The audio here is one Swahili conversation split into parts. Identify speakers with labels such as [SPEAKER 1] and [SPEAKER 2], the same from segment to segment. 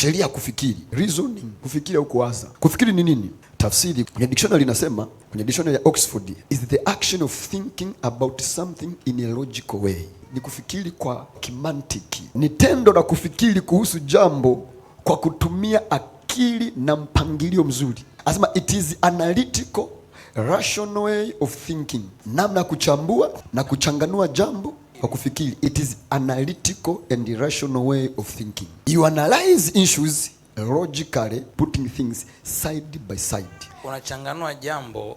[SPEAKER 1] sheria kufikiri, reasoning kufikiri au kuwaza. Kufikiri ni nini? Tafsiri kwenye dictionary inasema, kwenye dictionary ya Oxford, is the action of thinking about something in a logical way, ni kufikiri kwa kimantiki, ni tendo la kufikiri kuhusu jambo kwa kutumia akili na mpangilio mzuri. Anasema it is analytical rational way of thinking, namna ya kuchambua na kuchanganua jambo kwa kufikiri. It is analytical and rational way of thinking. You analyze issues logically, putting things side by side.
[SPEAKER 2] Unachanganua jambo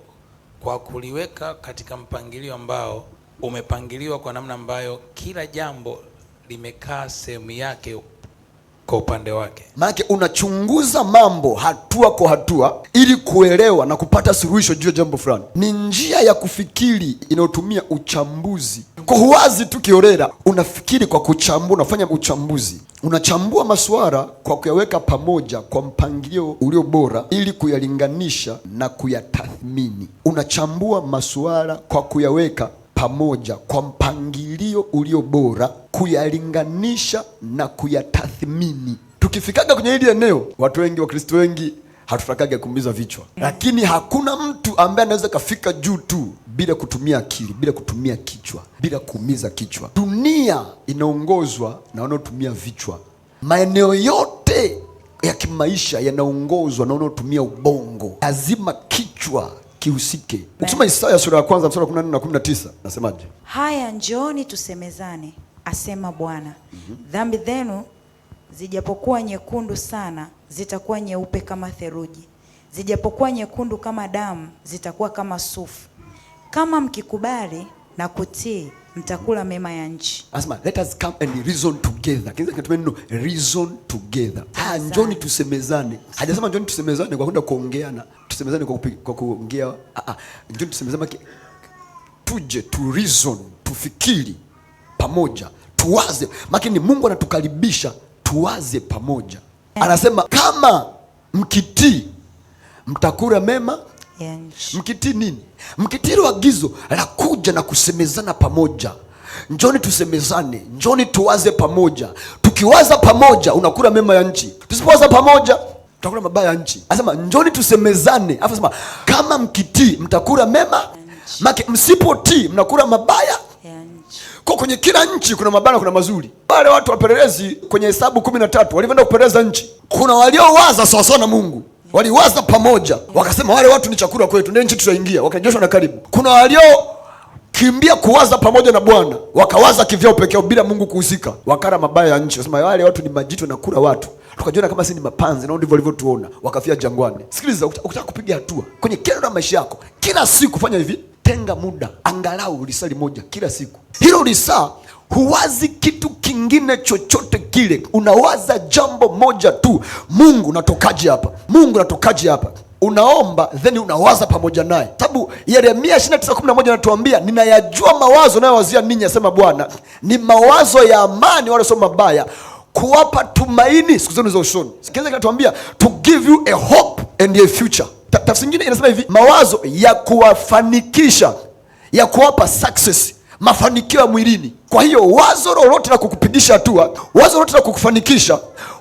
[SPEAKER 2] kwa kuliweka katika mpangilio ambao umepangiliwa kwa namna ambayo kila jambo limekaa sehemu yake kwa upande wake.
[SPEAKER 1] Maana unachunguza mambo hatua kwa hatua ili kuelewa na kupata suluhisho juu ya jambo fulani. Ni njia ya kufikiri inayotumia uchambuzi kwa huwazi tu kiorera, unafikiri kwa kuchambua, unafanya uchambuzi, unachambua masuala kwa kuyaweka pamoja kwa mpangilio ulio bora, ili kuyalinganisha na kuyatathmini. Unachambua masuala kwa kuyaweka pamoja kwa mpangilio ulio bora, kuyalinganisha na kuyatathmini. Tukifikaga kwenye hili eneo, watu wengi, Wakristo wengi hatutakage kumbiza vichwa, lakini hakuna mtu ambaye anaweza kafika juu tu bila kutumia akili, bila kutumia kichwa, bila kuumiza kichwa. Dunia inaongozwa na wanaotumia vichwa. Maeneo yote ya kimaisha yanaongozwa na wanaotumia ubongo. Lazima kichwa kihusike. Ukisoma Isaya sura ya kwanza mstari wa 14 na 19, nasemaje?
[SPEAKER 3] Haya, njooni tusemezane, asema Bwana. mm -hmm. Dhambi zenu zijapokuwa nyekundu sana, zitakuwa nyeupe kama theluji; zijapokuwa nyekundu kama damu, zitakuwa kama sufu kama mkikubali na kutii mtakula mema ya nchi.
[SPEAKER 1] Asema let us come and reason together. Kinza kitu neno reason together. Ha, ah, njoni tusemezane. Hajasema njoni tusemezane kwa kwenda kuongeana. Tusemezane kwa kwa kuongea. Ah ah. Njoni tusemezane tuje tu reason, tufikiri pamoja. Tuwaze. Makini Mungu anatukaribisha tuwaze pamoja. Anasema kama mkitii mtakula mema ya Mkitii nini? Mkitii hilo agizo la kuja na kusemezana pamoja. Njoni tusemezane, njoni tuwaze pamoja. Tukiwaza pamoja, unakula mema ya nchi. Tusipowaza pamoja tutakula mabaya ya nchi. Anasema njoni tusemezane, alafu sema kama mkitii mtakula mema, maki msipotii mnakula mabaya kwa kwenye kila nchi kuna mabaya, kuna mazuri. Wale watu wapelelezi kwenye Hesabu kumi na tatu walivyoenda kupeleleza nchi, kuna waliowaza sawasawa na Mungu waliwaza pamoja, wakasema wale watu ni chakula kwetu, ndio nchi tutaingia. Wakarejeshwa na karibu. Kuna waliokimbia kuwaza pamoja na Bwana, wakawaza kivyao pekeo bila Mungu kuhusika, wakala mabaya ya nchi, wasema wale watu ni majitu na kula watu tukajiona kama si ni mapanzi, nao ndivyo walivyotuona, wakafia jangwani. Sikiliza, ukitaka kupiga hatua kwenye kero la maisha yako kila siku, fanya hivi tenga muda angalau lisaa limoja kila siku. Hilo lisaa huwazi kitu kingine chochote kile, unawaza jambo moja tu, Mungu natokaje hapa? Mungu natokaje hapa? Unaomba then unawaza pamoja naye, sababu Yeremia 29:11 anatuambia ninayajua mawazo nayowazia ninyi, asema Bwana, ni mawazo ya amani, wala sio mabaya, kuwapa tumaini siku zenu za ushoni. Sikiliza, kinatuambia to give you a hope and a future tafsiri nyingine inasema hivi mawazo ya kuwafanikisha ya kuwapa success mafanikio ya mwilini. Kwa hiyo wazo lolote la kukupigisha hatua, wazo lolote la kukufanikisha,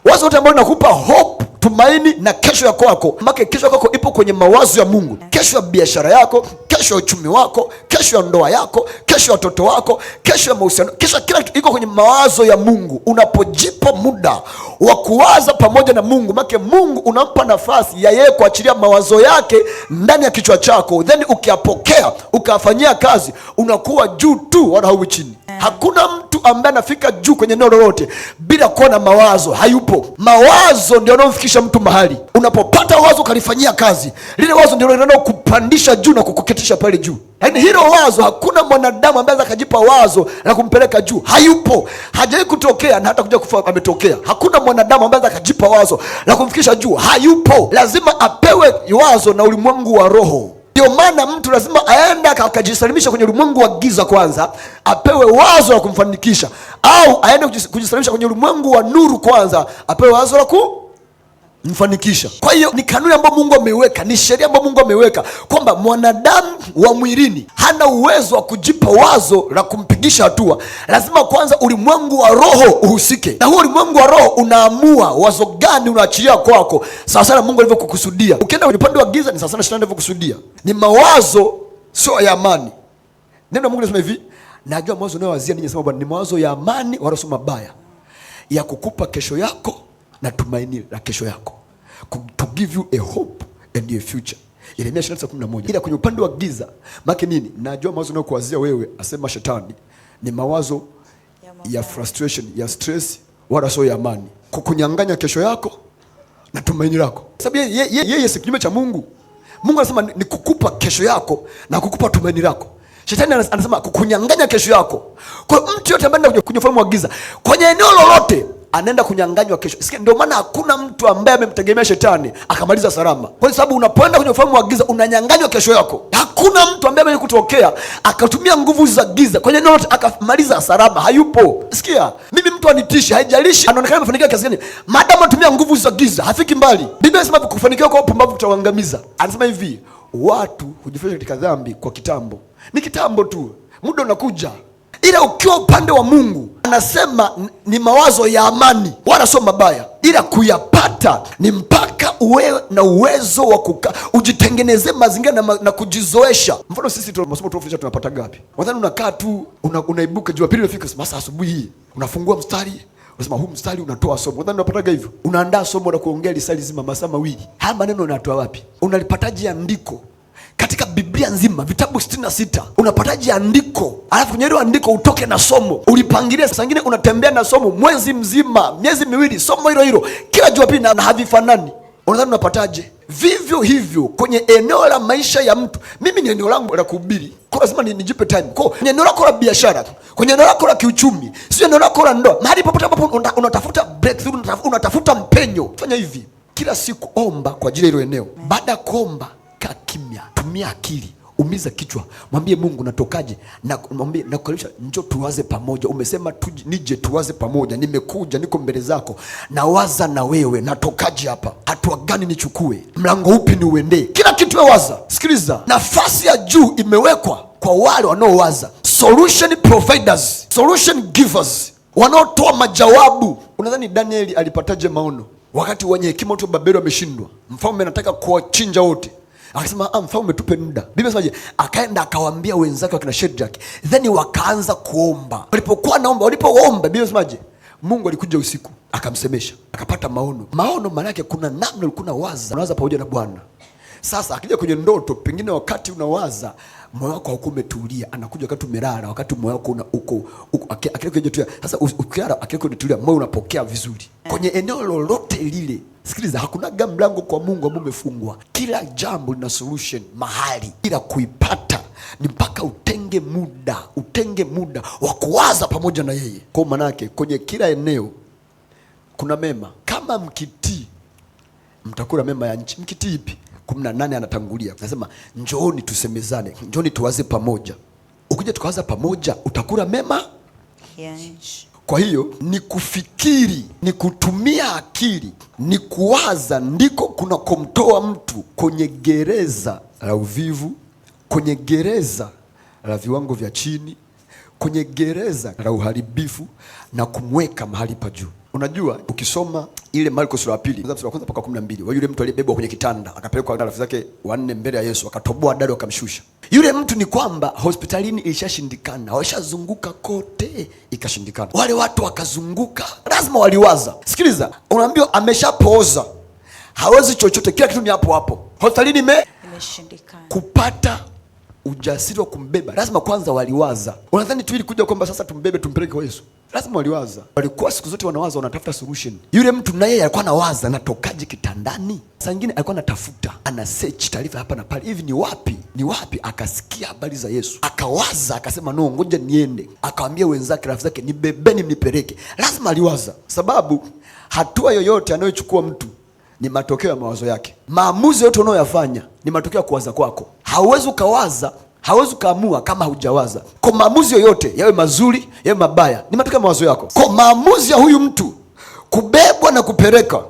[SPEAKER 1] wazo lolote ambalo linakupa hope, tumaini na kesho ya kwako, maana kesho ya kwako ipo kwenye mawazo ya Mungu, kesho ya biashara yako kesho ya uchumi wako, kesho ya ndoa yako, kesho ya watoto wako, kesho ya mahusiano, kesho kila kitu iko kwenye mawazo ya Mungu. Unapojipa muda wa kuwaza pamoja na Mungu, make Mungu unampa nafasi ya yeye kuachilia mawazo yake ndani ya kichwa chako, then ukiyapokea ukafanyia kazi, unakuwa juu tu wala hauwi chini. Hakuna mtu ambaye anafika juu kwenye eneo lolote bila kuwa na mawazo hayupo. Mawazo ndio anaomfikisha mtu mahali. Unapopata wazo ukalifanyia kazi, lile wazo ndio linalokupandisha juu na kukuketisha pale juu. lakini hilo wazo, hakuna mwanadamu ambaye akajipa wazo la kumpeleka juu, hayupo, hajawahi kutokea na hata kuja kufa ametokea. Hakuna mwanadamu ambaye akajipa wazo la kumfikisha juu, hayupo. Lazima apewe wazo na ulimwengu wa roho. Ndio maana mtu lazima aende akajisalimisha kwenye ulimwengu wa giza kwanza, apewe wazo la kumfanikisha, au aende kujisalimisha kwenye ulimwengu wa nuru kwanza, apewe wazo la ku mfanikisha. Kwa hiyo ni kanuni ambayo Mungu ameiweka, ni sheria ambayo Mungu ameiweka kwamba mwanadamu wa mwilini hana uwezo wa kujipa wazo la kumpigisha hatua. Lazima kwanza ulimwengu wa roho uhusike, na huo ulimwengu wa roho unaamua wazo gani unaachilia kwako, sawasawa na Mungu alivyokukusudia. Ukienda kwenye upande wa giza, ni sawasawa na shetani alivyokusudia. Ni mawazo sio ya amani. Neno la Mungu linasema hivi, najua mawazo unayowazia ninyi, sema Bwana, ni mawazo ya amani, wala sio mabaya, ya kukupa kesho yako na tumaini la kesho yako, to give you a hope and a future. Yeremia 29:11. Ila kwenye upande wa giza make nini? Najua mawazo nayokuwazia wewe, asema shetani, ni mawazo ya, ya frustration ya stress, wala sio ya amani, kukunyang'anya kesho yako na tumaini lako, sababu yeye ye, ye, ye, si kinyume cha Mungu. Mungu anasema ni kukupa kesho yako na kukupa tumaini lako. Shetani anasema kukunyang'anya kesho yako. Kwa mtu yote ambaye anakuja kwenye ufalme wa giza, kwenye eneo lolote anaenda kunyang'anywa kesho. Sikia, ndio maana hakuna mtu ambaye amemtegemea shetani akamaliza salama, kwa sababu unapoenda kwenye ufahamu wa giza unanyang'anywa kesho yako. Hakuna mtu ambaye ameweza kutokea akatumia nguvu za giza kwenye not akamaliza salama, hayupo. Sikia, mimi mtu anitishi, haijalishi anaonekana amefanikiwa kiasi gani, maadamu anatumia nguvu za giza hafiki mbali. Biblia inasema kufanikiwa kwa upumbavu kutawaangamiza. Anasema hivi, watu hujifanya katika dhambi kwa kitambo, ni kitambo tu, muda unakuja ila ukiwa upande wa Mungu anasema ni mawazo ya amani, wala sio mabaya, ila kuyapata ni mpaka uwe na uwezo wa kukaa, ujitengenezee mazingira na, ma, na kujizoesha. Mfano sisi masomo tunaofundisha tunapata gapi? Wadhani unakaa tu una, unaibuka Jumapili inafika sasa, asubuhi hii unafungua mstari unasema huu mstari unatoa somo. Wadhani unapataga hivyo, unaandaa somo la kuongea lisali zima masaa mawili. Haya maneno unatoa wapi? Unalipataje andiko katika Biblia? Biblia nzima vitabu sitini sita unapataje andiko alafu kwenye hilo andiko utoke na somo ulipangilia? Saa ingine unatembea na somo mwezi mzima, miezi miwili, somo hilo hilo kila Jumapili na havifanani. Unadhani unapataje? Vivyo hivyo kwenye eneo la maisha ya mtu, mimi ni eneo langu la kuhubiri, kwa lazima nijipe time. Kwa kwenye eneo lako la biashara, kwenye eneo lako la kiuchumi, sio eneo lako la ndoa, mahali popote ambapo unatafuta breakthrough, unatafuta mpenyo, fanya hivi kila siku, omba kwa ajili ya hilo eneo. Baada ya kuomba kimya, tumia akili, umiza kichwa, mwambie Mungu natokaje, na mwambie nakukaribisha, njoo tuwaze pamoja. Umesema tu, nije tuwaze pamoja, nimekuja, niko mbele zako, nawaza na wewe, natokaje hapa, hatua gani nichukue, mlango upi ni uendee kila kitu wewaza. Sikiliza, nafasi ya juu imewekwa kwa wale wanaowaza, solution providers, solution givers, wanaotoa majawabu. Unadhani Danieli alipataje maono wakati wenye hekima wote wa Babeli wameshindwa? Mfalme anataka kuwachinja wote akasema ah, mfalme tupe muda. Biblia inasemaje? Akaenda akawaambia wenzake wakina Shadrach, then wakaanza kuomba. Walipokuwa naomba, walipoomba, Biblia inasemaje? Mungu alikuja usiku akamsemesha, akapata maono. Maono maana yake kuna namna ulikuwa waza, unawaza pamoja na Bwana. Sasa akija kwenye ndoto, pengine wakati unawaza moyo wako hauko umetulia, anakuja wakati umelala, wakati moyo wako una uko akija kwenye inatulia. Sasa ukilala akija kwenye inatulia, moyo unapokea vizuri eh. kwenye eneo lolote lile. Sikiliza, hakunaga mlango kwa Mungu ambao umefungwa. Kila jambo lina solution mahali, ila kuipata ni mpaka utenge muda, utenge muda wa kuwaza pamoja na yeye. Kwa manake kwenye kila eneo kuna mema, kama mkitii mtakula mema ya nchi. Mkitii ipi? kumi na nane anatangulia anasema, njooni tusemezane, njooni tuwaze pamoja. Ukija tukawaza pamoja, utakula mema yeah. Kwa hiyo ni kufikiri, ni kutumia akili, ni kuwaza, ndiko kunakomtoa mtu kwenye gereza la uvivu, kwenye gereza la viwango vya chini, kwenye gereza la uharibifu na kumweka mahali pa juu. Unajua, ukisoma ile Marko sura ya pili mstari wa kwanza mpaka kumi na mbili wa yule mtu aliyebebwa kwenye kitanda akapelekwa na rafiki zake wanne mbele ya Yesu, akatoboa dari wakamshusha yule mtu. Ni kwamba hospitalini ilishashindikana, washazunguka kote, ikashindikana. Wale watu wakazunguka, lazima waliwaza. Sikiliza, unaambiwa ameshapooza, hawezi chochote, kila kitu ni hapo hapo, hospitalini ime imeshindikana kupata ujasiri wa kumbeba, lazima kwanza waliwaza. Unadhani tu kuja kwamba sasa tumbebe tumpeleke kwa Yesu? Lazima waliwaza, walikuwa siku zote wanawaza, wanatafuta solution. Yule mtu naye alikuwa anawaza, natokaje kitandani? Saa nyingine alikuwa anatafuta, ana search taarifa hapa na pale, hivi ni wapi, ni wapi? Akasikia habari za Yesu, akawaza, akasema no, ngoja niende. akawambia wenzake, rafiki zake, nibebeni, mnipeleke. Lazima aliwaza, sababu hatua yoyote anayochukua mtu ni matokeo ya mawazo yake. Maamuzi yote unayoyafanya ni matokeo ya kuwaza kwako hauwezi ukawaza hawezi ukaamua kama hujawaza. Kwa maamuzi yoyote yawe mazuri yawe mabaya, ni matokeo ya mawazo yako. Kwa maamuzi ya huyu mtu kubebwa na kupeleka,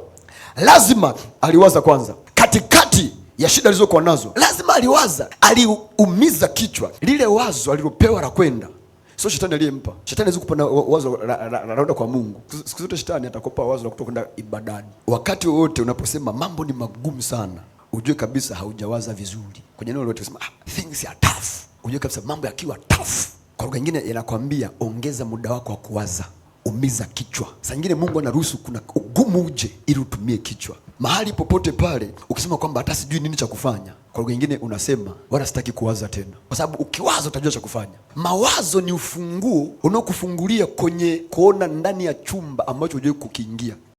[SPEAKER 1] lazima aliwaza kwanza, katikati ya shida alizokuwa nazo, lazima aliwaza, aliumiza kichwa. Lile wazo alilopewa la kwenda, sio shetani aliyempa. Shetani hawezi kupa wazo la kwa Mungu. Siku zote shetani atakopa wazo la kutokwenda ibadani. Wakati wowote unaposema mambo ni magumu sana ujue kabisa haujawaza vizuri kwenye neno lolote. Sema ah, things are tough, ujue kabisa mambo yakiwa tough, kwa lugha nyingine yanakwambia ongeza muda wako wa kuwaza, umiza kichwa. Saa nyingine Mungu anaruhusu kuna ugumu uje ili utumie kichwa mahali popote pale. Ukisema kwamba hata sijui nini cha kufanya, kwa lugha nyingine unasema wala sitaki kuwaza tena, kwa sababu ukiwaza utajua cha kufanya. Mawazo ni ufunguo unaokufungulia kwenye kuona ndani ya chumba ambacho hujui kukiingia.